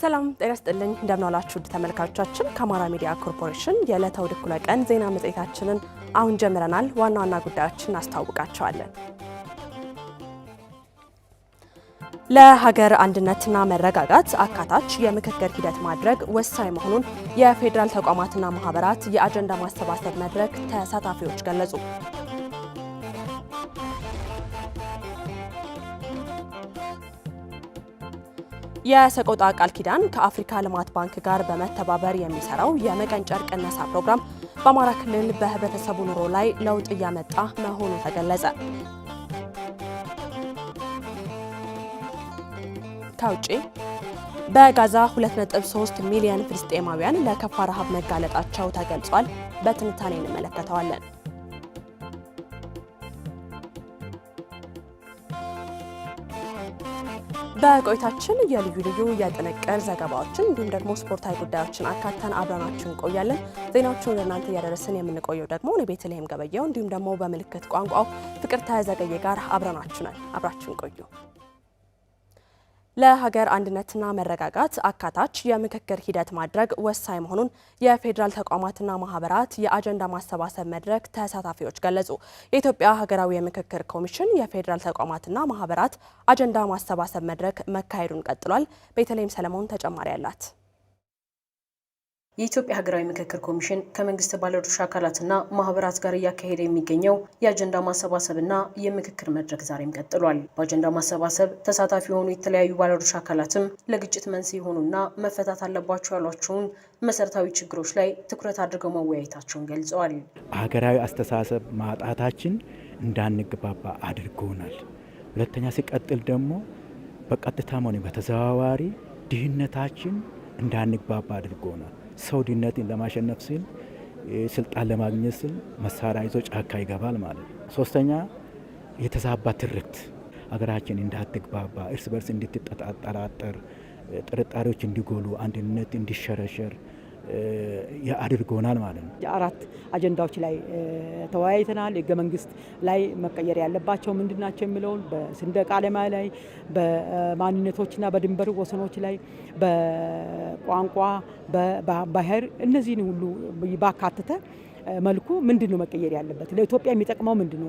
ሰላም ጤና ስጥልኝ። እንደምናላችሁ ውድ ተመልካቾቻችን፣ ከአማራ ሚዲያ ኮርፖሬሽን የዕለተ እሁድ እኩለ ቀን ዜና መጽሔታችንን አሁን ጀምረናል። ዋና ዋና ጉዳዮችን እናስተዋውቃቸዋለን። ለሀገር አንድነትና መረጋጋት አካታች የምክክር ሂደት ማድረግ ወሳኝ መሆኑን የፌዴራል ተቋማትና ማህበራት የአጀንዳ ማሰባሰብ መድረክ ተሳታፊዎች ገለጹ። የሰቆጣ ቃል ኪዳን ከአፍሪካ ልማት ባንክ ጋር በመተባበር የሚሰራው የመቀንጨር ቅነሳ ፕሮግራም በአማራ ክልል በህብረተሰቡ ኑሮ ላይ ለውጥ እያመጣ መሆኑ ተገለጸ። ከውጪ በጋዛ 2.3 ሚሊዮን ፍልስጤማውያን ለከፋ ረሃብ መጋለጣቸው ተገልጿል። በትንታኔ እንመለከተዋለን። በቆይታችን የልዩ ልዩ የጥንቅር ዘገባዎችን እንዲሁም ደግሞ ስፖርታዊ ጉዳዮችን አካተን አብረናችሁ እንቆያለን። ዜናዎቹን ወደ እናንተ እያደረስን የምንቆየው ደግሞ እኔ ቤተልሔም ገበየው እንዲሁም ደግሞ በምልክት ቋንቋው ፍቅር ተዘገየ ጋር አብረናችሁ ነን። አብራችሁን ቆዩ። ለሀገር አንድነትና መረጋጋት አካታች የምክክር ሂደት ማድረግ ወሳኝ መሆኑን የፌዴራል ተቋማትና ማህበራት የአጀንዳ ማሰባሰብ መድረክ ተሳታፊዎች ገለጹ። የኢትዮጵያ ሀገራዊ የምክክር ኮሚሽን የፌዴራል ተቋማትና ማህበራት አጀንዳ ማሰባሰብ መድረክ መካሄዱን ቀጥሏል። ቤተልሔም ሰለሞን ተጨማሪ አላት። የኢትዮጵያ ሀገራዊ ምክክር ኮሚሽን ከመንግስት ባለድርሻ አካላትና ማህበራት ጋር እያካሄደ የሚገኘው የአጀንዳ ማሰባሰብና የምክክር መድረክ ዛሬም ቀጥሏል። በአጀንዳ ማሰባሰብ ተሳታፊ የሆኑ የተለያዩ ባለድርሻ አካላትም ለግጭት መንስኤ የሆኑና መፈታት አለባቸው ያሏቸውን መሰረታዊ ችግሮች ላይ ትኩረት አድርገው መወያየታቸውን ገልጸዋል። ሀገራዊ አስተሳሰብ ማጣታችን እንዳንግባባ አድርጎናል። ሁለተኛ ሲቀጥል ደግሞ በቀጥታም ሆነ በተዘዋዋሪ ድህነታችን እንዳንግባባ አድርጎናል። ሰውድነትን ለማሸነፍ ሲል ስልጣን ለማግኘት ሲል መሳሪያ ይዞ ጫካ ይገባል ማለት ነው። ሶስተኛ የተዛባ ትርክት ሀገራችን እንዳትግባባ፣ እርስ በርስ እንድትጠራጠር፣ ጥርጣሬዎች እንዲጎሉ፣ አንድነት እንዲሸረሸር አድርጎናል ማለት ነው። አራት አጀንዳዎች ላይ ተወያይተናል። ህገ መንግስት ላይ መቀየር ያለባቸው ምንድን ናቸው የሚለውን በሰንደቅ ዓላማ ላይ፣ በማንነቶችና በድንበር ወሰኖች ላይ፣ በቋንቋ፣ በባህር እነዚህን ሁሉ ባካተተ መልኩ ምንድን ነው መቀየር ያለበት፣ ለኢትዮጵያ የሚጠቅመው ምንድን ነው፣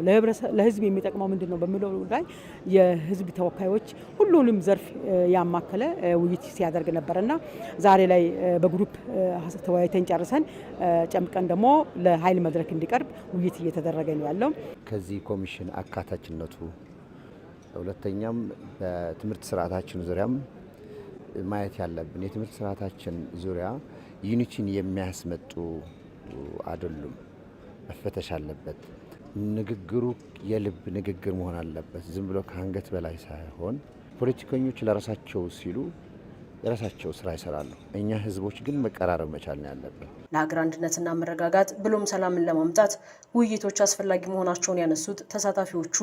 ለህዝብ የሚጠቅመው ምንድን ነው በሚለው ላይ የህዝብ ተወካዮች ሁሉንም ዘርፍ ያማከለ ውይይት ሲያደርግ ነበር እና ዛሬ ላይ በግሩፕ ተወያይተን ጨርሰን ጨምቀን ደግሞ ለኃይል መድረክ እንዲቀርብ ውይይት እየተደረገ ነው ያለው። ከዚህ ኮሚሽን አካታችነቱ ሁለተኛም በትምህርት ስርዓታችን ዙሪያም ማየት ያለብን የትምህርት ስርዓታችን ዙሪያ ዩኒቲን የሚያስመጡ አይደሉም፣ መፈተሽ አለበት። ንግግሩ የልብ ንግግር መሆን አለበት፣ ዝም ብሎ ከአንገት በላይ ሳይሆን። ፖለቲከኞች ለራሳቸው ሲሉ የራሳቸው ስራ ይሰራሉ። እኛ ህዝቦች ግን መቀራረብ መቻል ነው ያለብን። ለሀገር አንድነትና መረጋጋት ብሎም ሰላምን ለማምጣት ውይይቶች አስፈላጊ መሆናቸውን ያነሱት ተሳታፊዎቹ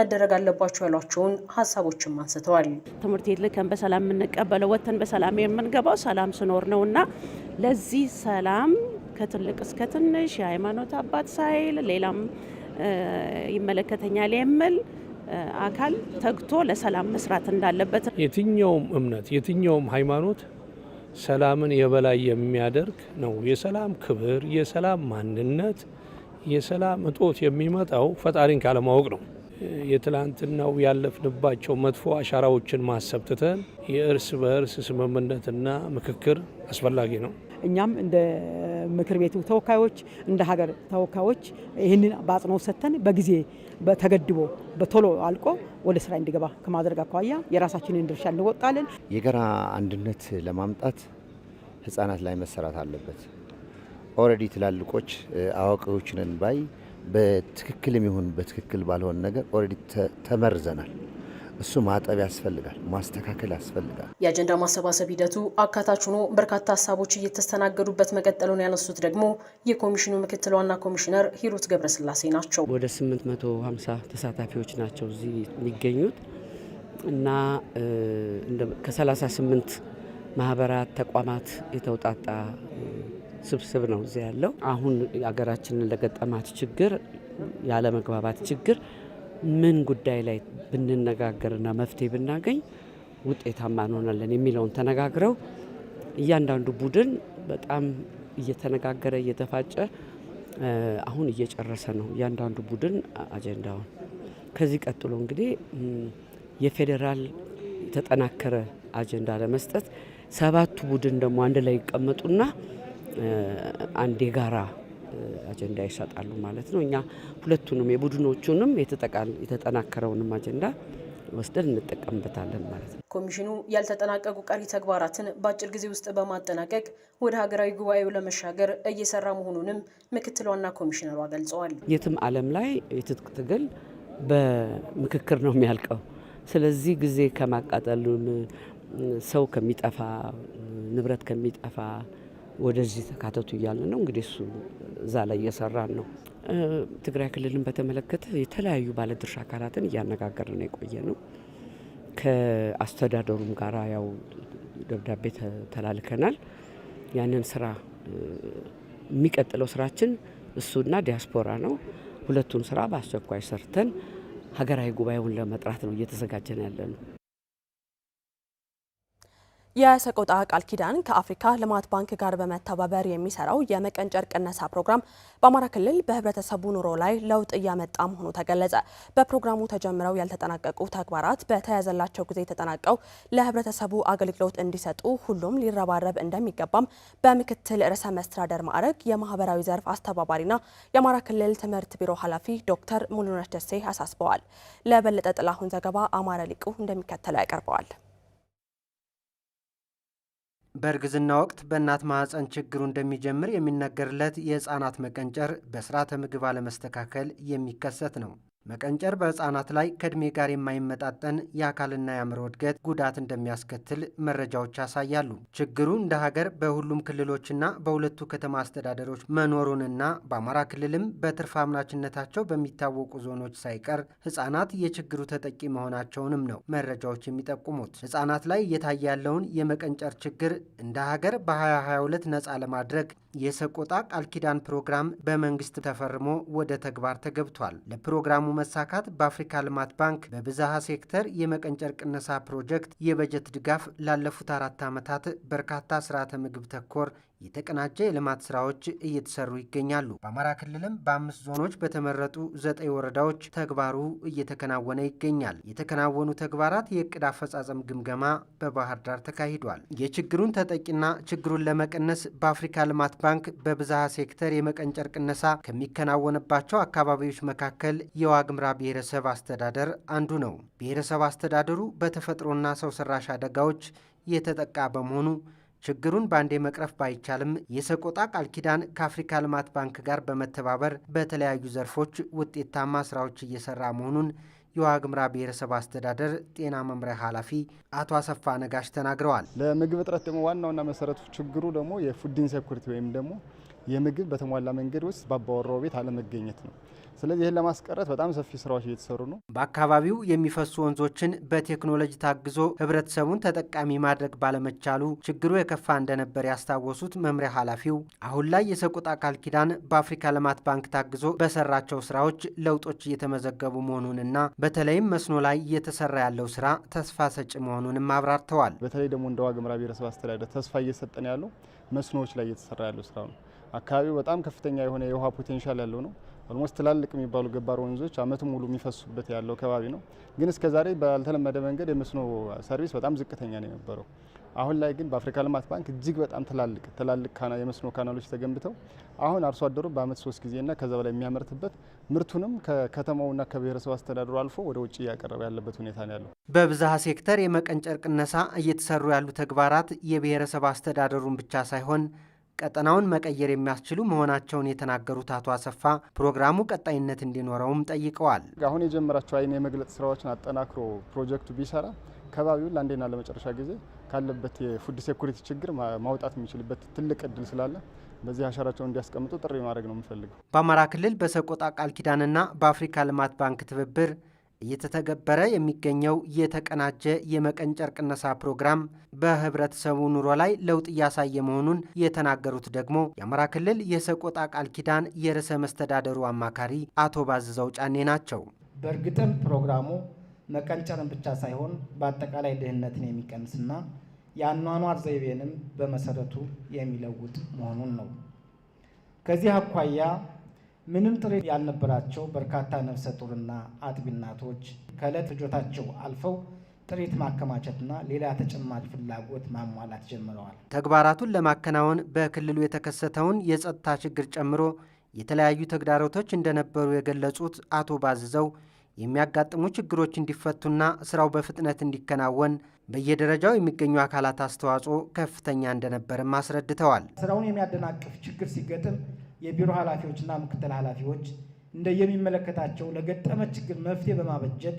መደረግ አለባቸው ያሏቸውን ሀሳቦችም አንስተዋል። ትምህርት ቤት ልከን በሰላም የምንቀበለው ወተን በሰላም የምንገባው ሰላም ስኖር ነው እና ለዚህ ሰላም ከትልቅ እስከ ትንሽ የሃይማኖት አባት ሳይል ሌላም ይመለከተኛል የሚል አካል ተግቶ ለሰላም መስራት እንዳለበት የትኛውም እምነት የትኛውም ሃይማኖት ሰላምን የበላይ የሚያደርግ ነው። የሰላም ክብር፣ የሰላም ማንነት፣ የሰላም እጦት የሚመጣው ፈጣሪን ካለማወቅ ነው። የትላንትናው ያለፍንባቸው መጥፎ አሻራዎችን ማሰብ ትተን የእርስ በእርስ ስምምነትና ምክክር አስፈላጊ ነው። እኛም እንደ ምክር ቤቱ ተወካዮች እንደ ሀገር ተወካዮች ይህንን በአጽንኦት ሰጥተን በጊዜ ተገድቦ በቶሎ አልቆ ወደ ስራ እንዲገባ ከማድረግ አኳያ የራሳችንን ድርሻ እንወጣለን። የጋራ አንድነት ለማምጣት ህጻናት ላይ መሰራት አለበት። ኦልሬዲ ትላልቆች አዋቂዎችንን ባይ በትክክልም ይሁን በትክክል ባልሆን ነገር ኦልሬዲ ተመርዘናል። እሱ ማጠብ ያስፈልጋል፣ ማስተካከል ያስፈልጋል። የአጀንዳ ማሰባሰብ ሂደቱ አካታች ሆኖ በርካታ ሀሳቦች እየተስተናገዱበት መቀጠሉን ያነሱት ደግሞ የኮሚሽኑ ምክትል ዋና ኮሚሽነር ሂሩት ገብረስላሴ ናቸው። ወደ 850 ተሳታፊዎች ናቸው እዚህ የሚገኙት እና ከ38 ማህበራት፣ ተቋማት የተውጣጣ ስብስብ ነው እዚህ ያለው። አሁን ሀገራችንን ለገጠማት ችግር ያለመግባባት ችግር ምን ጉዳይ ላይ ብንነጋገርና መፍትሄ ብናገኝ ውጤታማ እንሆናለን የሚለውን ተነጋግረው እያንዳንዱ ቡድን በጣም እየተነጋገረ እየተፋጨ አሁን እየጨረሰ ነው እያንዳንዱ ቡድን አጀንዳውን። ከዚህ ቀጥሎ እንግዲህ የፌዴራል የተጠናከረ አጀንዳ ለመስጠት ሰባቱ ቡድን ደግሞ አንድ ላይ ይቀመጡና አንድ የጋራ አጀንዳ ይሰጣሉ ማለት ነው። እኛ ሁለቱንም የቡድኖቹንም የተጠናከረውንም አጀንዳ ወስደን እንጠቀምበታለን ማለት ነው። ኮሚሽኑ ያልተጠናቀቁ ቀሪ ተግባራትን በአጭር ጊዜ ውስጥ በማጠናቀቅ ወደ ሀገራዊ ጉባኤው ለመሻገር እየሰራ መሆኑንም ምክትል ዋና ኮሚሽነሯ ገልጸዋል። የትም ዓለም ላይ የትጥቅ ትግል በምክክር ነው የሚያልቀው። ስለዚህ ጊዜ ከማቃጠሉን ሰው ከሚጠፋ ንብረት ከሚጠፋ ወደዚህ ተካተቱ እያለ ነው እንግዲህ እሱ እዛ ላይ እየሰራን ነው። ትግራይ ክልልን በተመለከተ የተለያዩ ባለድርሻ አካላትን እያነጋገር ነው የቆየ ነው። ከአስተዳደሩም ጋር ያው ደብዳቤ ተላልከናል። ያንን ስራ የሚቀጥለው ስራችን እሱና ዲያስፖራ ነው። ሁለቱን ስራ በአስቸኳይ ሰርተን ሀገራዊ ጉባኤውን ለመጥራት ነው እየተዘጋጀን ያለ ነው። የሰቆጣ ቃል ኪዳን ከአፍሪካ ልማት ባንክ ጋር በመተባበር የሚሰራው የመቀንጨር ቅነሳ ፕሮግራም በአማራ ክልል በህብረተሰቡ ኑሮ ላይ ለውጥ እያመጣ መሆኑ ተገለጸ። በፕሮግራሙ ተጀምረው ያልተጠናቀቁ ተግባራት በተያዘላቸው ጊዜ ተጠናቀው ለህብረተሰቡ አገልግሎት እንዲሰጡ ሁሉም ሊረባረብ እንደሚገባም በምክትል ርዕሰ መስተዳደር ማዕረግ የማህበራዊ ዘርፍ አስተባባሪና የአማራ ክልል ትምህርት ቢሮ ኃላፊ ዶክተር ሙሉነሽ ደሴ አሳስበዋል። ለበለጠ ጥላሁን ዘገባ አማረ ሊቁ እንደሚከተለው ያቀርበዋል። በእርግዝና ወቅት በእናት ማህፀን ችግሩ እንደሚጀምር የሚነገርለት የህፃናት መቀንጨር በስርዓተ ምግብ አለመስተካከል የሚከሰት ነው። መቀንጨር በህፃናት ላይ ከእድሜ ጋር የማይመጣጠን የአካልና የአእምሮ እድገት ጉዳት እንደሚያስከትል መረጃዎች ያሳያሉ። ችግሩ እንደ ሀገር በሁሉም ክልሎችና በሁለቱ ከተማ አስተዳደሮች መኖሩንና በአማራ ክልልም በትርፍ አምራችነታቸው በሚታወቁ ዞኖች ሳይቀር ህፃናት የችግሩ ተጠቂ መሆናቸውንም ነው መረጃዎች የሚጠቁሙት። ህፃናት ላይ እየታየ ያለውን የመቀንጨር ችግር እንደ ሀገር በ2022 ነፃ ለማድረግ የሰቆጣ ቃል ኪዳን ፕሮግራም በመንግስት ተፈርሞ ወደ ተግባር ተገብቷል። ለፕሮግራሙ መሳካት በአፍሪካ ልማት ባንክ በብዝሃ ሴክተር የመቀንጨር ቅነሳ ፕሮጀክት የበጀት ድጋፍ ላለፉት አራት ዓመታት በርካታ ስርዓተ ምግብ ተኮር የተቀናጀ የልማት ስራዎች እየተሰሩ ይገኛሉ። በአማራ ክልልም በአምስት ዞኖች በተመረጡ ዘጠኝ ወረዳዎች ተግባሩ እየተከናወነ ይገኛል። የተከናወኑ ተግባራት የእቅድ አፈጻጸም ግምገማ በባህር ዳር ተካሂዷል። የችግሩን ተጠቂና ችግሩን ለመቀነስ በአፍሪካ ልማት ባንክ በብዝሃ ሴክተር የመቀንጨር ቅነሳ ከሚከናወንባቸው አካባቢዎች መካከል የዋግምራ ብሔረሰብ አስተዳደር አንዱ ነው። ብሔረሰብ አስተዳደሩ በተፈጥሮና ሰው ሰራሽ አደጋዎች የተጠቃ በመሆኑ ችግሩን በአንዴ መቅረፍ ባይቻልም የሰቆጣ ቃል ኪዳን ከአፍሪካ ልማት ባንክ ጋር በመተባበር በተለያዩ ዘርፎች ውጤታማ ስራዎች እየሰራ መሆኑን የዋግምራ ብሔረሰብ አስተዳደር ጤና መምሪያ ኃላፊ አቶ አሰፋ ነጋሽ ተናግረዋል። ለምግብ እጥረት ደግሞ ዋናውና መሰረቱ ችግሩ ደግሞ የፉድ ኢንሴኩሪቲ ወይም ደግሞ የምግብ በተሟላ መንገድ ውስጥ በአባወራው ቤት አለመገኘት ነው። ስለዚህ ይህን ለማስቀረት በጣም ሰፊ ስራዎች እየተሰሩ ነው። በአካባቢው የሚፈሱ ወንዞችን በቴክኖሎጂ ታግዞ ህብረተሰቡን ተጠቃሚ ማድረግ ባለመቻሉ ችግሩ የከፋ እንደነበር ያስታወሱት መምሪያ ኃላፊው አሁን ላይ የሰቆጣ ቃል ኪዳን በአፍሪካ ልማት ባንክ ታግዞ በሰራቸው ስራዎች ለውጦች እየተመዘገቡ መሆኑንና በተለይም መስኖ ላይ እየተሰራ ያለው ስራ ተስፋ ሰጪ መሆኑንም አብራርተዋል። በተለይ ደግሞ እንደ ዋግ ብሔረሰብ አስተዳደር ተስፋ እየሰጠን ያለው መስኖዎች ላይ እየተሰራ ያለው ስራ ነው። አካባቢው በጣም ከፍተኛ የሆነ የውሃ ፖቴንሻል ያለው ነው። ኦልሞስት ትላልቅ የሚባሉ ገባር ወንዞች አመቱ ሙሉ የሚፈሱበት ያለው ከባቢ ነው። ግን እስከዛሬ ባልተለመደ መንገድ የመስኖ ሰርቪስ በጣም ዝቅተኛ ነው የነበረው። አሁን ላይ ግን በአፍሪካ ልማት ባንክ እጅግ በጣም ትላልቅ ትላልቅ የመስኖ ካናሎች ተገንብተው አሁን አርሶ አደሩ በአመት ሶስት ጊዜና ከዛ በላይ የሚያመርትበት ምርቱንም ከከተማውና ከብሔረሰብ አስተዳደሩ አልፎ ወደ ውጭ እያቀረበ ያለበት ሁኔታ ነው ያለው። በብዝሃ ሴክተር የመቀንጨር ቅነሳ እየተሰሩ ያሉ ተግባራት የብሔረሰብ አስተዳደሩን ብቻ ሳይሆን ቀጠናውን መቀየር የሚያስችሉ መሆናቸውን የተናገሩት አቶ አሰፋ ፕሮግራሙ ቀጣይነት እንዲኖረውም ጠይቀዋል። አሁን የጀመራቸው አይን የመግለጽ ስራዎችን አጠናክሮ ፕሮጀክቱ ቢሰራ ከባቢውን ለአንዴና ለመጨረሻ ጊዜ ካለበት የፉድ ሴኩሪቲ ችግር ማውጣት የሚችልበት ትልቅ እድል ስላለ በዚህ አሻራቸው እንዲያስቀምጡ ጥሪ ማድረግ ነው የምፈልገው። በአማራ ክልል በሰቆጣ ቃል ኪዳንና በአፍሪካ ልማት ባንክ ትብብር እየተተገበረ የሚገኘው የተቀናጀ የመቀንጨር ቅነሳ ፕሮግራም በህብረተሰቡ ኑሮ ላይ ለውጥ እያሳየ መሆኑን የተናገሩት ደግሞ የአማራ ክልል የሰቆጣ ቃል ኪዳን የርዕሰ መስተዳደሩ አማካሪ አቶ ባዝዘው ጫኔ ናቸው። በእርግጥም ፕሮግራሙ መቀንጨርን ብቻ ሳይሆን በአጠቃላይ ድህነትን የሚቀንስና የአኗኗር ዘይቤንም በመሰረቱ የሚለውጥ መሆኑን ነው። ከዚህ አኳያ ምንም ጥሬ ያልነበራቸው በርካታ ነፍሰ ጡርና አጥቢ እናቶች ከዕለት ፍጆታቸው አልፈው ጥሪት ማከማቸትና ሌላ ተጨማሪ ፍላጎት ማሟላት ጀምረዋል። ተግባራቱን ለማከናወን በክልሉ የተከሰተውን የጸጥታ ችግር ጨምሮ የተለያዩ ተግዳሮቶች እንደነበሩ የገለጹት አቶ ባዝዘው የሚያጋጥሙ ችግሮች እንዲፈቱና ስራው በፍጥነት እንዲከናወን በየደረጃው የሚገኙ አካላት አስተዋጽኦ ከፍተኛ እንደነበርም አስረድተዋል። ስራውን የሚያደናቅፍ ችግር ሲገጥም የቢሮ ኃላፊዎችና ምክትል ኃላፊዎች እንደ የሚመለከታቸው ለገጠመ ችግር መፍትሄ በማበጀት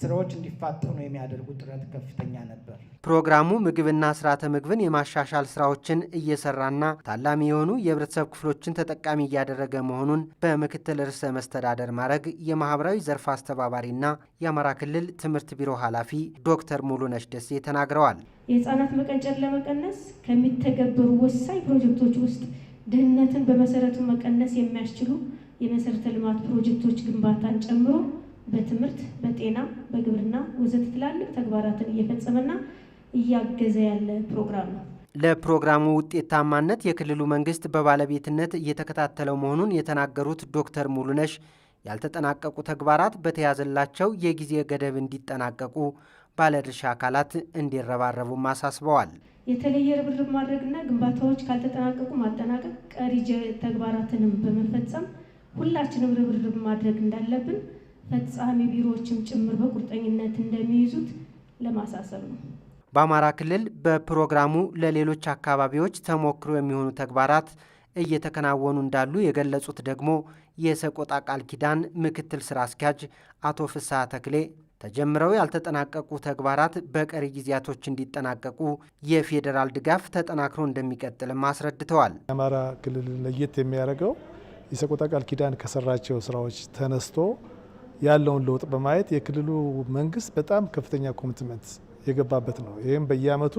ስራዎች እንዲፋጠኑ የሚያደርጉ ጥረት ከፍተኛ ነበር። ፕሮግራሙ ምግብና ስርዓተ ምግብን የማሻሻል ስራዎችን እየሰራና ታላሚ የሆኑ የህብረተሰብ ክፍሎችን ተጠቃሚ እያደረገ መሆኑን በምክትል ርዕሰ መስተዳደር ማዕረግ የማህበራዊ ዘርፍ አስተባባሪና የአማራ ክልል ትምህርት ቢሮ ኃላፊ ዶክተር ሙሉነሽ ደሴ ተናግረዋል። የህፃናት መቀንጨር ለመቀነስ ከሚተገበሩ ወሳኝ ፕሮጀክቶች ውስጥ ድህነትን በመሰረቱ መቀነስ የሚያስችሉ የመሰረተ ልማት ፕሮጀክቶች ግንባታን ጨምሮ በትምህርት፣ በጤና፣ በግብርና ወዘተ ትላልቅ ተግባራትን እየፈጸመና እያገዘ ያለ ፕሮግራም ነው። ለፕሮግራሙ ውጤታማነት የክልሉ መንግስት በባለቤትነት እየተከታተለው መሆኑን የተናገሩት ዶክተር ሙሉነሽ ያልተጠናቀቁ ተግባራት በተያዘላቸው የጊዜ ገደብ እንዲጠናቀቁ ባለድርሻ አካላት እንዲረባረቡም አሳስበዋል። የተለየ ርብርብ ማድረግና ግንባታዎች ካልተጠናቀቁ ማጠናቀቅ፣ ቀሪ ተግባራትንም በመፈጸም ሁላችንም ርብርብ ማድረግ እንዳለብን ፈጻሚ ቢሮዎችም ጭምር በቁርጠኝነት እንደሚይዙት ለማሳሰብ ነው። በአማራ ክልል በፕሮግራሙ ለሌሎች አካባቢዎች ተሞክሮ የሚሆኑ ተግባራት እየተከናወኑ እንዳሉ የገለጹት ደግሞ የሰቆጣ ቃል ኪዳን ምክትል ስራ አስኪያጅ አቶ ፍስሐ ተክሌ ተጀምረው ያልተጠናቀቁ ተግባራት በቀሪ ጊዜያቶች እንዲጠናቀቁ የፌዴራል ድጋፍ ተጠናክሮ እንደሚቀጥልም አስረድተዋል። የአማራ ክልል ለየት የሚያደርገው የሰቆጣ ቃል ኪዳን ከሰራቸው ስራዎች ተነስቶ ያለውን ለውጥ በማየት የክልሉ መንግስት በጣም ከፍተኛ ኮሚትመንት የገባበት ነው። ይህም በየአመቱ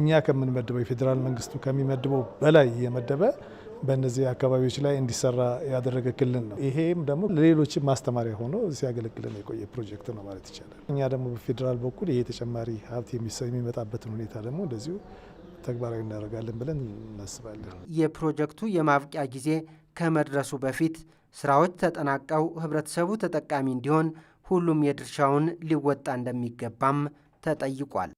እኛ ከምንመድበው የፌዴራል መንግስቱ ከሚመድበው በላይ እየመደበ በእነዚህ አካባቢዎች ላይ እንዲሰራ ያደረገ ክልል ነው። ይሄም ደግሞ ለሌሎችም ማስተማሪያ ሆኖ ሲያገለግለን የቆየ ፕሮጀክት ነው ማለት ይቻላል። እኛ ደግሞ በፌዴራል በኩል ይሄ ተጨማሪ ሀብት የሚመጣበትን ሁኔታ ደግሞ እንደዚሁ ተግባራዊ እናደርጋለን ብለን እናስባለን። የፕሮጀክቱ የማብቂያ ጊዜ ከመድረሱ በፊት ስራዎች ተጠናቀው ህብረተሰቡ ተጠቃሚ እንዲሆን ሁሉም የድርሻውን ሊወጣ እንደሚገባም ተጠይቋል።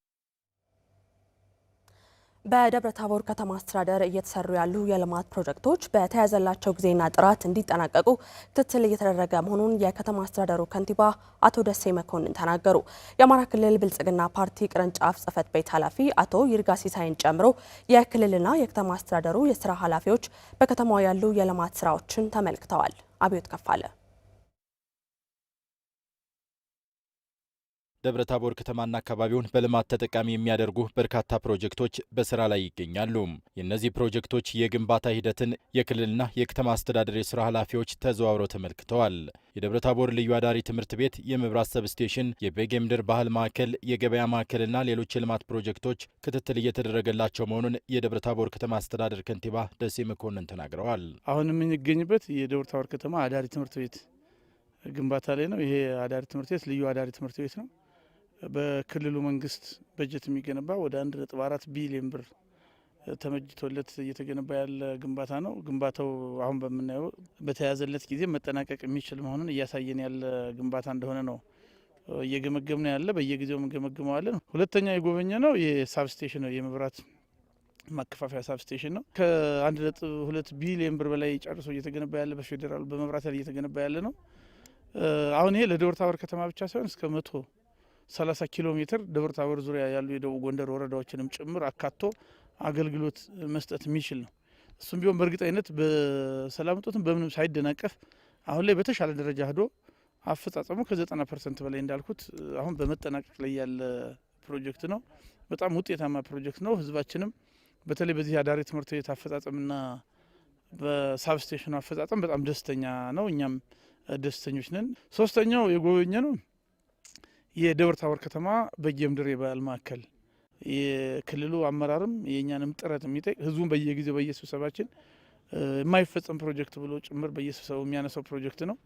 በደብረ ታቦር ከተማ አስተዳደር እየተሰሩ ያሉ የልማት ፕሮጀክቶች በተያዘላቸው ጊዜና ጥራት እንዲጠናቀቁ ክትትል እየተደረገ መሆኑን የከተማ አስተዳደሩ ከንቲባ አቶ ደሴ መኮንን ተናገሩ። የአማራ ክልል ብልጽግና ፓርቲ ቅርንጫፍ ጽህፈት ቤት ኃላፊ አቶ ይርጋ ሲሳይን ጨምሮ የክልልና የከተማ አስተዳደሩ የስራ ኃላፊዎች በከተማው ያሉ የልማት ስራዎችን ተመልክተዋል። አብዮት ከፋለ ደብረ ታቦር ከተማና አካባቢውን በልማት ተጠቃሚ የሚያደርጉ በርካታ ፕሮጀክቶች በስራ ላይ ይገኛሉ። የእነዚህ ፕሮጀክቶች የግንባታ ሂደትን የክልልና የከተማ አስተዳደር የስራ ኃላፊዎች ተዘዋውረው ተመልክተዋል። የደብረ ታቦር ልዩ አዳሪ ትምህርት ቤት፣ የመብራት ሰብስቴሽን፣ የቤጌ ምድር ባህል ማዕከል፣ የገበያ ማዕከልና ሌሎች የልማት ፕሮጀክቶች ክትትል እየተደረገላቸው መሆኑን የደብረ ታቦር ከተማ አስተዳደር ከንቲባ ደሴ መኮንን ተናግረዋል። አሁን የምንገኝበት የደብረ ታቦር ከተማ አዳሪ ትምህርት ቤት ግንባታ ላይ ነው። ይሄ አዳሪ ትምህርት ቤት ልዩ አዳሪ ትምህርት ቤት ነው። በክልሉ መንግስት በጀት የሚገነባ ወደ አንድ ነጥብ አራት ቢሊዮን ብር ተመጅቶለት እየተገነባ ያለ ግንባታ ነው። ግንባታው አሁን በምናየው በተያዘለት ጊዜ መጠናቀቅ የሚችል መሆኑን እያሳየን ያለ ግንባታ እንደሆነ ነው እየገመገም ነው ያለ። በየጊዜው እንገመግመዋለን። ሁለተኛ የጎበኘ ነው የሳብስቴሽን ነው የመብራት ማከፋፈያ ሳብስቴሽን ነው። ከአንድ ነጥብ ሁለት ቢሊዮን ብር በላይ ጨርሶ እየተገነባ ያለ በፌዴራሉ በመብራት ያለ እየተገነባ ያለ ነው። አሁን ይሄ ለደብረ ታቦር ከተማ ብቻ ሳይሆን እስከ መቶ 30 ኪሎ ሜትር ደብረ ታቦር ዙሪያ ያሉ የደቡብ ጎንደር ወረዳዎችንም ጭምር አካቶ አገልግሎት መስጠት የሚችል ነው። እሱም ቢሆን በእርግጠኝነት በሰላም እጦትም በምንም ሳይደናቀፍ አሁን ላይ በተሻለ ደረጃ ሂዶ አፈጻጸሙ ከ90 ፐርሰንት በላይ እንዳልኩት አሁን በመጠናቀቅ ላይ ያለ ፕሮጀክት ነው። በጣም ውጤታማ ፕሮጀክት ነው። ህዝባችንም በተለይ በዚህ አዳሪ ትምህርት ቤት አፈጻጸምና በሳብስቴሽኑ አፈጻጸም በጣም ደስተኛ ነው። እኛም ደስተኞች ነን። ሶስተኛው የጎበኘ ነው የደብረ ታቦር ከተማ በጌምድር የበዓል ማዕከል የክልሉ አመራርም የእኛንም ጥረት የሚጠይቅ ህዝቡን በየጊዜው በየስብሰባችን የማይፈጸም ፕሮጀክት ብሎ ጭምር በየስብሰባው የሚያነሳው ፕሮጀክት ነው።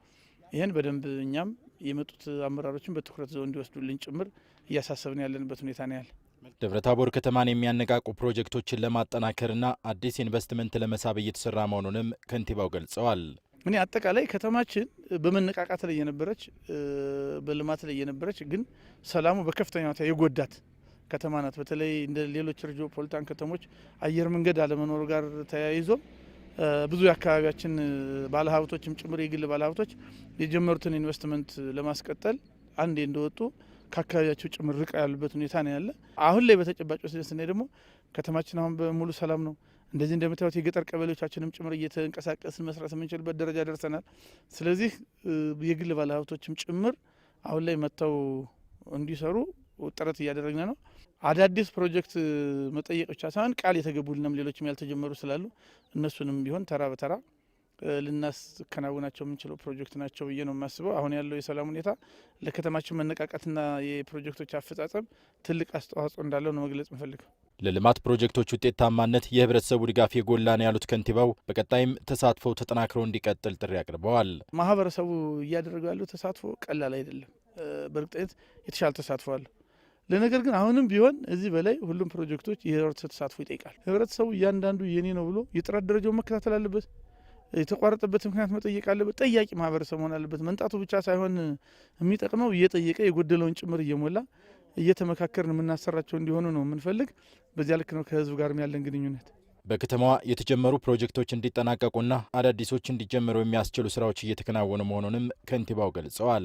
ይህን በደንብ እኛም የመጡት አመራሮችን በትኩረት ዘው እንዲወስዱልን ጭምር እያሳሰብን ያለንበት ሁኔታ ነው ያለ። ደብረ ታቦር ከተማን የሚያነቃቁ ፕሮጀክቶችን ለማጠናከርና አዲስ ኢንቨስትመንት ለመሳብ እየተሰራ መሆኑንም ከንቲባው ገልጸዋል። እኔ አጠቃላይ ከተማችን በመነቃቃት ላይ የነበረች በልማት ላይ የነበረች ግን ሰላሙ በከፍተኛ ሁኔታ የጎዳት ከተማ ናት። በተለይ እንደ ሌሎች ሜትሮፖሊታን ከተሞች አየር መንገድ አለመኖሩ ጋር ተያይዞ ብዙ የአካባቢያችን ባለሀብቶችም ጭምር የግል ባለሀብቶች የጀመሩትን ኢንቨስትመንት ለማስቀጠል አንዴ እንደወጡ ከአካባቢያቸው ጭምር ርቃ ያሉበት ሁኔታ ነው ያለ። አሁን ላይ በተጨባጭ ወስደን ደግሞ ከተማችን አሁን በሙሉ ሰላም ነው። እንደዚህ እንደምታዩት የገጠር ቀበሌዎቻችንም ጭምር እየተንቀሳቀስን መስራት የምንችልበት ደረጃ ደርሰናል። ስለዚህ የግል ባለሀብቶችም ጭምር አሁን ላይ መጥተው እንዲሰሩ ጥረት እያደረግን ነው። አዳዲስ ፕሮጀክት መጠየቅ ብቻ ሳይሆን ቃል የተገቡልንም ሌሎችም ያልተጀመሩ ስላሉ እነሱንም ቢሆን ተራ በተራ ልናስከናውናቸው የምንችለው ፕሮጀክት ናቸው ብዬ ነው የማስበው። አሁን ያለው የሰላም ሁኔታ ለከተማችን መነቃቃትና የፕሮጀክቶች አፈጻጸም ትልቅ አስተዋጽኦ እንዳለው ነው መግለጽ ምፈልገው። ለልማት ፕሮጀክቶች ውጤታማነት የህብረተሰቡ ድጋፍ የጎላ ነው ያሉት ከንቲባው፣ በቀጣይም ተሳትፎው ተጠናክሮ እንዲቀጥል ጥሪ አቅርበዋል። ማህበረሰቡ እያደረገው ያለው ተሳትፎ ቀላል አይደለም። በእርግጠኝነት የተሻለ ተሳትፎ አለ። ለነገር ግን አሁንም ቢሆን እዚህ በላይ ሁሉም ፕሮጀክቶች የህብረተሰብ ተሳትፎ ይጠይቃል። ህብረተሰቡ እያንዳንዱ የኔ ነው ብሎ የጥራት ደረጃውን መከታተል አለበት። የተቋረጠበት ምክንያት መጠየቅ አለበት። ጠያቂ ማህበረሰብ መሆን አለበት። መንጣቱ ብቻ ሳይሆን የሚጠቅመው እየጠየቀ የጎደለውን ጭምር እየሞላ እየተመካከርን የምናሰራቸው እንዲሆኑ ነው የምንፈልግ። በዚያ ልክ ነው ከህዝብ ጋርም ያለን ግንኙነት። በከተማዋ የተጀመሩ ፕሮጀክቶች እንዲጠናቀቁና አዳዲሶች እንዲጀመሩ የሚያስችሉ ስራዎች እየተከናወኑ መሆኑንም ከንቲባው ገልጸዋል።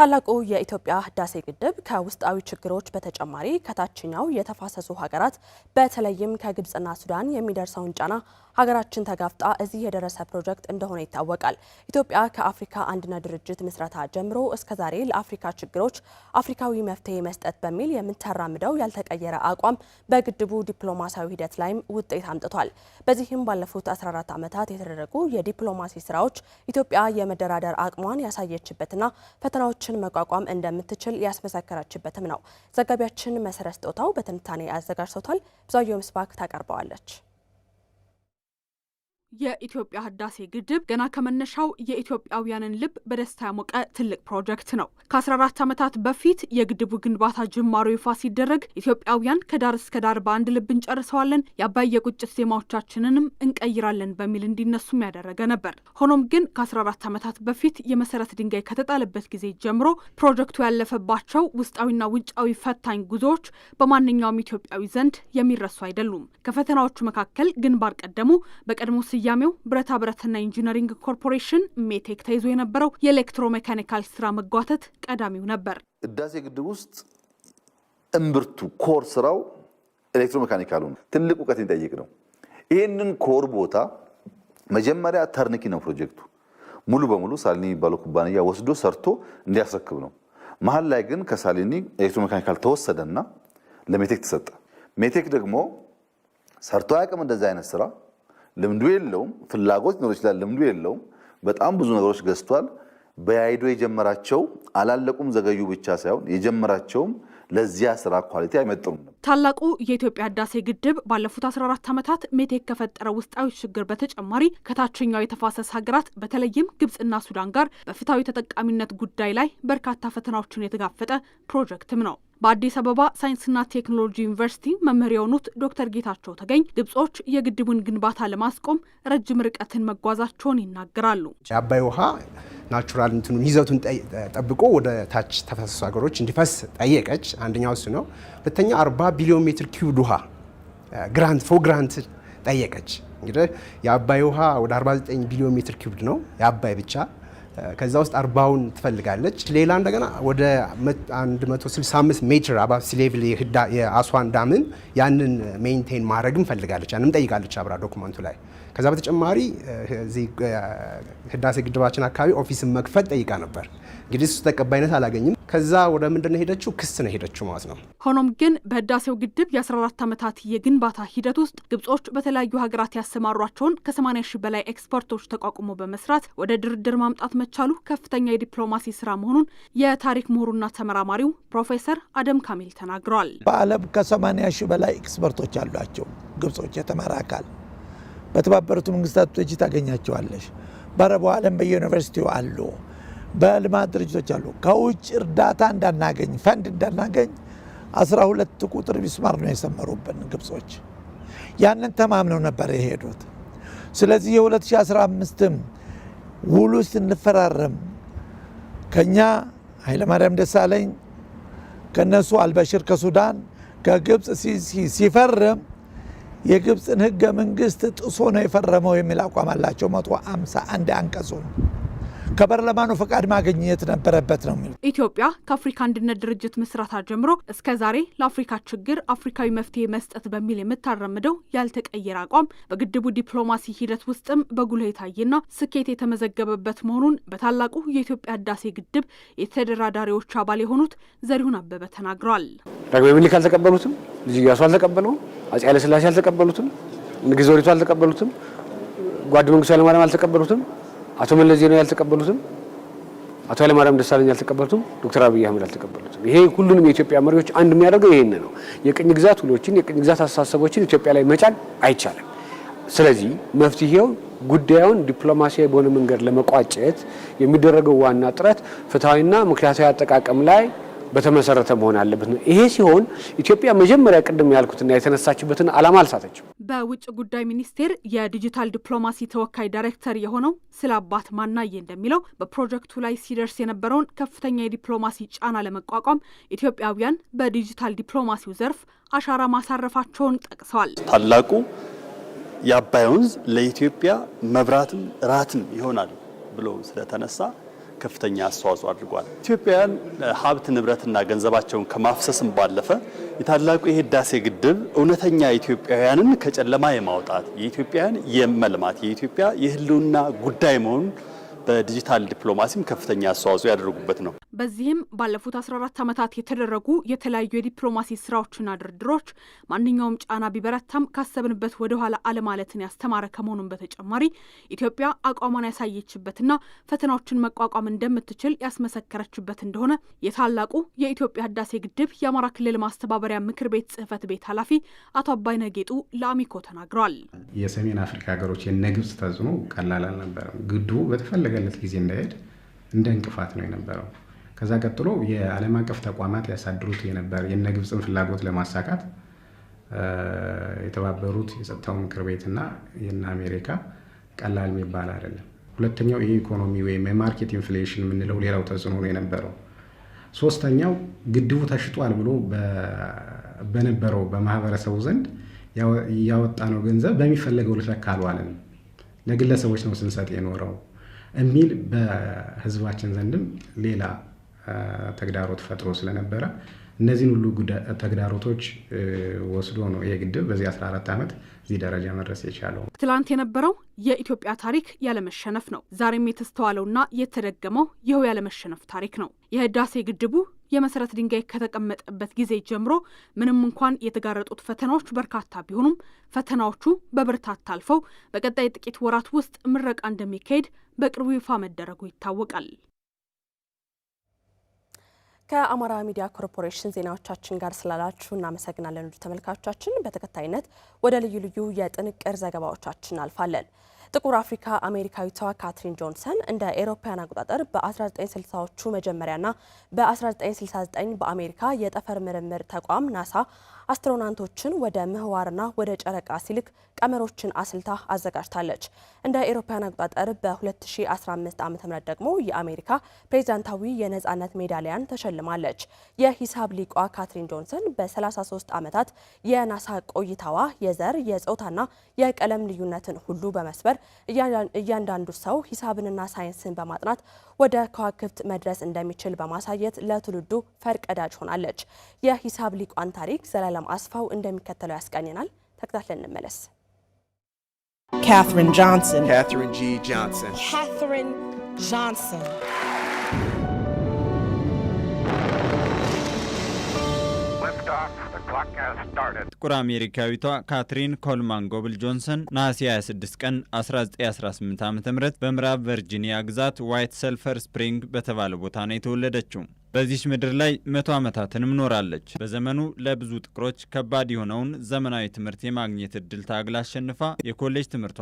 ታላቁ የኢትዮጵያ ህዳሴ ግድብ ከውስጣዊ ችግሮች በተጨማሪ ከታችኛው የተፋሰሱ ሀገራት በተለይም ከግብፅና ሱዳን የሚደርሰውን ጫና ሀገራችን ተጋፍጣ እዚህ የደረሰ ፕሮጀክት እንደሆነ ይታወቃል። ኢትዮጵያ ከአፍሪካ አንድነት ድርጅት ምስረታ ጀምሮ እስከዛሬ ለአፍሪካ ችግሮች አፍሪካዊ መፍትሄ መስጠት በሚል የምታራምደው ያልተቀየረ አቋም በግድቡ ዲፕሎማሲያዊ ሂደት ላይም ውጤት አምጥቷል። በዚህም ባለፉት 14 ዓመታት የተደረጉ የዲፕሎማሲ ስራዎች ኢትዮጵያ የመደራደር አቅሟን ያሳየችበትና ፈተናዎች ሀገራችን መቋቋም እንደምትችል ያስመሰከረችበትም ነው። ዘጋቢያችን መሰረት ስጦታው በትንታኔ አዘጋጅቶታል። ብዙአየሁ ምስባክ ታቀርበዋለች። የኢትዮጵያ ህዳሴ ግድብ ገና ከመነሻው የኢትዮጵያውያንን ልብ በደስታ ያሞቀ ትልቅ ፕሮጀክት ነው። ከ14 ዓመታት በፊት የግድቡ ግንባታ ጅማሮ ይፋ ሲደረግ ኢትዮጵያውያን ከዳር እስከ ዳር በአንድ ልብ እንጨርሰዋለን፣ የአባይ የቁጭት ዜማዎቻችንንም እንቀይራለን በሚል እንዲነሱም ያደረገ ነበር። ሆኖም ግን ከ14 ዓመታት በፊት የመሰረት ድንጋይ ከተጣለበት ጊዜ ጀምሮ ፕሮጀክቱ ያለፈባቸው ውስጣዊና ውጫዊ ፈታኝ ጉዞዎች በማንኛውም ኢትዮጵያዊ ዘንድ የሚረሱ አይደሉም። ከፈተናዎቹ መካከል ግንባር ቀደሙ በቀድሞ ስያሜው ብረታ ብረትና ኢንጂነሪንግ ኮርፖሬሽን ሜቴክ ተይዞ የነበረው የኤሌክትሮሜካኒካል ስራ መጓተት ቀዳሚው ነበር። ህዳሴ ግድብ ውስጥ እምብርቱ ኮር ስራው ኤሌክትሮሜካኒካሉ ትልቅ እውቀት የሚጠይቅ ነው። ይህንን ኮር ቦታ መጀመሪያ ተርንኪ ነው ፕሮጀክቱ ሙሉ በሙሉ ሳሊኒ የሚባለው ኩባንያ ወስዶ ሰርቶ እንዲያስረክብ ነው። መሀል ላይ ግን ከሳሊኒ ኤሌክትሮሜካኒካል ተወሰደና ለሜቴክ ተሰጠ። ሜቴክ ደግሞ ሰርቶ አያውቅም እንደዚህ አይነት ስራ ልምዱ የለውም። ፍላጎት ሊኖር ይችላል፣ ልምዱ የለውም። በጣም ብዙ ነገሮች ገዝቷል። በያይዶ የጀመራቸው አላለቁም ዘገዩ ብቻ ሳይሆን የጀመራቸውም ለዚያ ስራ ኳሊቲ አይመጥኑም። ታላቁ የኢትዮጵያ ህዳሴ ግድብ ባለፉት 14 ዓመታት ሜቴክ ከፈጠረ ውስጣዊ ችግር በተጨማሪ ከታችኛው የተፋሰስ ሀገራት በተለይም ግብፅና ሱዳን ጋር በፍትሐዊ ተጠቃሚነት ጉዳይ ላይ በርካታ ፈተናዎችን የተጋፈጠ ፕሮጀክትም ነው። በአዲስ አበባ ሳይንስና ቴክኖሎጂ ዩኒቨርሲቲ መምህር የሆኑት ዶክተር ጌታቸው ተገኝ ግብጾች የግድቡን ግንባታ ለማስቆም ረጅም ርቀትን መጓዛቸውን ይናገራሉ። የአባይ ውሃ ናቹራል እንትኑን ይዘቱን ጠብቆ ወደ ታች ተፋሰሱ ሀገሮች እንዲፈስ ጠየቀች። አንደኛው እሱ ነው። ሁለተኛ 40 ቢሊዮን ሜትር ኪዩብ ውሃ ግራንት ፎ ግራንት ጠየቀች። እንግዲህ የአባይ ውሃ ወደ 49 ቢሊዮን ሜትር ኪዩብ ነው የአባይ ብቻ። ከዛ ውስጥ አርባውን ትፈልጋለች። ሌላ እንደገና ወደ 165 ሜትር አባብ ሲሌቭል የአስዋን ዳምን ያንን ሜንቴን ማድረግም ፈልጋለች። ያንም ጠይቃለች አብራ ዶክመንቱ ላይ ከዛ በተጨማሪ እዚህ ህዳሴ ግድባችን አካባቢ ኦፊስን መክፈት ጠይቃ ነበር። እንግዲህ እሱ ተቀባይነት አላገኝም። ከዛ ወደ ምንድነው ሄደችው? ክስ ነው ሄደችው ማለት ነው። ሆኖም ግን በህዳሴው ግድብ የ14 ዓመታት የግንባታ ሂደት ውስጥ ግብጾች በተለያዩ ሀገራት ያሰማሯቸውን ከ80 ሺህ በላይ ኤክስፐርቶች ተቋቁሞ በመስራት ወደ ድርድር ማምጣት መቻሉ ከፍተኛ የዲፕሎማሲ ስራ መሆኑን የታሪክ ምሁሩና ተመራማሪው ፕሮፌሰር አደም ካሚል ተናግረዋል። በዓለም ከ80 ሺህ በላይ ኤክስፐርቶች አሏቸው ግብጾች የተመራ አካል በተባበሩት መንግስታት ድርጅት ታገኛቸዋለሽ። በአረቡ ዓለም በየዩኒቨርሲቲው አሉ፣ በልማት ድርጅቶች አሉ። ከውጭ እርዳታ እንዳናገኝ ፈንድ እንዳናገኝ አስራ ሁለት ቁጥር ሚስማር ነው የሰመሩብን ግብጾች። ያንን ተማምነው ነበር የሄዱት። ስለዚህ የ2015ም ውሉ ስንፈራረም ከእኛ ኃይለማርያም ደሳለኝ ከእነሱ አልበሽር ከሱዳን ከግብፅ ሲፈርም የግብፅን ህገ መንግስት ጥሶ ነው የፈረመው የሚል አቋም አላቸው። መቶ አምሳ አንድ አንቀጹ ከፓርላማኑ ፈቃድ ማግኘት ነበረበት ነው የሚሉት። ኢትዮጵያ ከአፍሪካ አንድነት ድርጅት ምስረታ ጀምሮ እስከ ዛሬ ለአፍሪካ ችግር አፍሪካዊ መፍትሄ መስጠት በሚል የምታራምደው ያልተቀየረ አቋም በግድቡ ዲፕሎማሲ ሂደት ውስጥም በጉልህ የታየና ስኬት የተመዘገበበት መሆኑን በታላቁ የኢትዮጵያ ህዳሴ ግድብ የተደራዳሪዎች አባል የሆኑት ዘሪሁን አበበ ተናግረዋል። ዳግማዊ ምኒልክ አልተቀበሉትም። ልጅ ኢያሱ አልተቀበለውም። አፄ ሥላሴ አልተቀበሉትም፣ ንግሥት ዘውዲቱ አልተቀበሉትም፣ ጓድ መንግስቱ ማርያም አልተቀበሉትም፣ አቶ መለስ ዜናዊ አልተቀበሉትም፣ አቶ ኃይለማርያም ደሳለኝ አልተቀበሉትም፣ ዶክተር አብይ አህመድ አልተቀበሉትም። ይሄ ሁሉንም የኢትዮጵያ መሪዎች አንድ የሚያደርገው ይሄን ነው። የቅኝ ግዛት ውሎችን፣ የቅኝ ግዛት አስተሳሰቦችን ኢትዮጵያ ላይ መጫን አይቻልም። ስለዚህ መፍትሄው ጉዳዩን ዲፕሎማሲያዊ በሆነ መንገድ ለመቋጨት የሚደረገው ዋና ጥረት ፍትሐዊና ምክንያታዊ አጠቃቀም ላይ በተመሰረተ መሆን አለበት ነው። ይሄ ሲሆን ኢትዮጵያ መጀመሪያ ቅድም ያልኩትና የተነሳችበትን ዓላማ አልሳተችም። በውጭ ጉዳይ ሚኒስቴር የዲጂታል ዲፕሎማሲ ተወካይ ዳይሬክተር የሆነው ስለ አባት ማናዬ እንደሚለው በፕሮጀክቱ ላይ ሲደርስ የነበረውን ከፍተኛ የዲፕሎማሲ ጫና ለመቋቋም ኢትዮጵያውያን በዲጂታል ዲፕሎማሲው ዘርፍ አሻራ ማሳረፋቸውን ጠቅሰዋል። ታላቁ የአባይ ወንዝ ለኢትዮጵያ መብራትም ራትም ይሆናል ብሎ ስለተነሳ ከፍተኛ አስተዋጽኦ አድርጓል። ኢትዮጵያውያን ሀብት ንብረትና ገንዘባቸውን ከማፍሰስም ባለፈ የታላቁ የህዳሴ ግድብ እውነተኛ ኢትዮጵያውያንን ከጨለማ የማውጣት የኢትዮጵያን የመልማት የኢትዮጵያ የህልውና ጉዳይ መሆኑን በዲጂታል ዲፕሎማሲም ከፍተኛ አስተዋጽኦ ያደረጉበት ነው። በዚህም ባለፉት 14 ዓመታት የተደረጉ የተለያዩ የዲፕሎማሲ ስራዎችና ድርድሮች ማንኛውም ጫና ቢበረታም ካሰብንበት ወደ ኋላ አለማለትን ያስተማረ ከመሆኑን በተጨማሪ ኢትዮጵያ አቋሟን ያሳየችበትና ፈተናዎችን መቋቋም እንደምትችል ያስመሰከረችበት እንደሆነ የታላቁ የኢትዮጵያ ህዳሴ ግድብ የአማራ ክልል ማስተባበሪያ ምክር ቤት ጽህፈት ቤት ኃላፊ አቶ አባይነ ጌጡ ለአሚኮ ተናግረዋል። የሰሜን አፍሪካ ሀገሮች የነ ግብጽ ተጽዕኖ ቀላል አልነበረም። ግድቡ በተፈለገ በፈለገለት ጊዜ እንዳይሄድ እንደ እንቅፋት ነው የነበረው። ከዛ ቀጥሎ የዓለም አቀፍ ተቋማት ያሳድሩት የነበር የነ ግብፅን ፍላጎት ለማሳካት የተባበሩት የጸጥታው ምክር ቤትና የነ አሜሪካ ቀላል የሚባል አይደለም። ሁለተኛው የኢኮኖሚ ወይም የማርኬት ኢንፍሌሽን የምንለው ሌላው ተጽዕኖ ነው የነበረው። ሶስተኛው ግድቡ ተሽጧል ብሎ በነበረው በማህበረሰቡ ዘንድ ያወጣ ነው ገንዘብ በሚፈለገው ልክ አልዋለም። ለግለሰቦች ነው ስንሰጥ የኖረው። የሚል በህዝባችን ዘንድም ሌላ ተግዳሮት ፈጥሮ ስለነበረ እነዚህን ሁሉ ተግዳሮቶች ወስዶ ነው ይሄ ግድብ በዚህ 14 ዓመት እዚህ ደረጃ መድረስ የቻለው። ትላንት የነበረው የኢትዮጵያ ታሪክ ያለመሸነፍ ነው። ዛሬም የተስተዋለውና የተደገመው ይኸው ያለመሸነፍ ታሪክ ነው። የህዳሴ ግድቡ የመሰረት ድንጋይ ከተቀመጠበት ጊዜ ጀምሮ ምንም እንኳን የተጋረጡት ፈተናዎች በርካታ ቢሆኑም ፈተናዎቹ በብርታት ታልፈው በቀጣይ ጥቂት ወራት ውስጥ ምረቃ እንደሚካሄድ በቅርቡ ይፋ መደረጉ ይታወቃል። ከአማራ ሚዲያ ኮርፖሬሽን ዜናዎቻችን ጋር ስላላችሁ እናመሰግናለን። ውድ ተመልካቾቻችን፣ በተከታይነት ወደ ልዩ ልዩ የጥንቅር ዘገባዎቻችን እናልፋለን። ጥቁር አፍሪካ አሜሪካዊቷ ካትሪን ጆንሰን እንደ ኤሮፓያን አቆጣጠር በ1960ዎቹ መጀመሪያና በ1969 በአሜሪካ የጠፈር ምርምር ተቋም ናሳ አስትሮናውቶችን ወደ ምህዋርና ወደ ጨረቃ ሲልክ ቀመሮችን አስልታ አዘጋጅታለች። እንደ ኤሮፓያን አቆጣጠር በ2015 ም ደግሞ የአሜሪካ ፕሬዚዳንታዊ የነፃነት ሜዳሊያን ተሸልማለች። የሂሳብ ሊቋ ካትሪን ጆንሰን በ33 ዓመታት የናሳ ቆይታዋ የዘር የጾታና የቀለም ልዩነትን ሁሉ በመስበር እያንዳንዱ ሰው ሂሳብንና ሳይንስን በማጥናት ወደ ከዋክብት መድረስ እንደሚችል በማሳየት ለትውልዱ ፈርቀዳጅ ሆናለች። የሂሳብ ሊቋን ታሪክ ዘላለም ሀብታም አስፋው እንደሚከተለው ያስቃኘናል። ተከታትለን እንመለስ። ጂ ካትሪን ጆንሰን ጥቁር አሜሪካዊቷ ካትሪን ኮልማን ጎብል ጆንሰን ነሐሴ 26 ቀን 1918 ዓ ም በምዕራብ ቨርጂኒያ ግዛት ዋይት ሰልፈር ስፕሪንግ በተባለ ቦታ ነው የተወለደችው። በዚች ምድር ላይ መቶ ዓመታትንም ኖራለች። በዘመኑ ለብዙ ጥቁሮች ከባድ የሆነውን ዘመናዊ ትምህርት የማግኘት እድል ታግላ አሸንፋ የኮሌጅ ትምህርቷ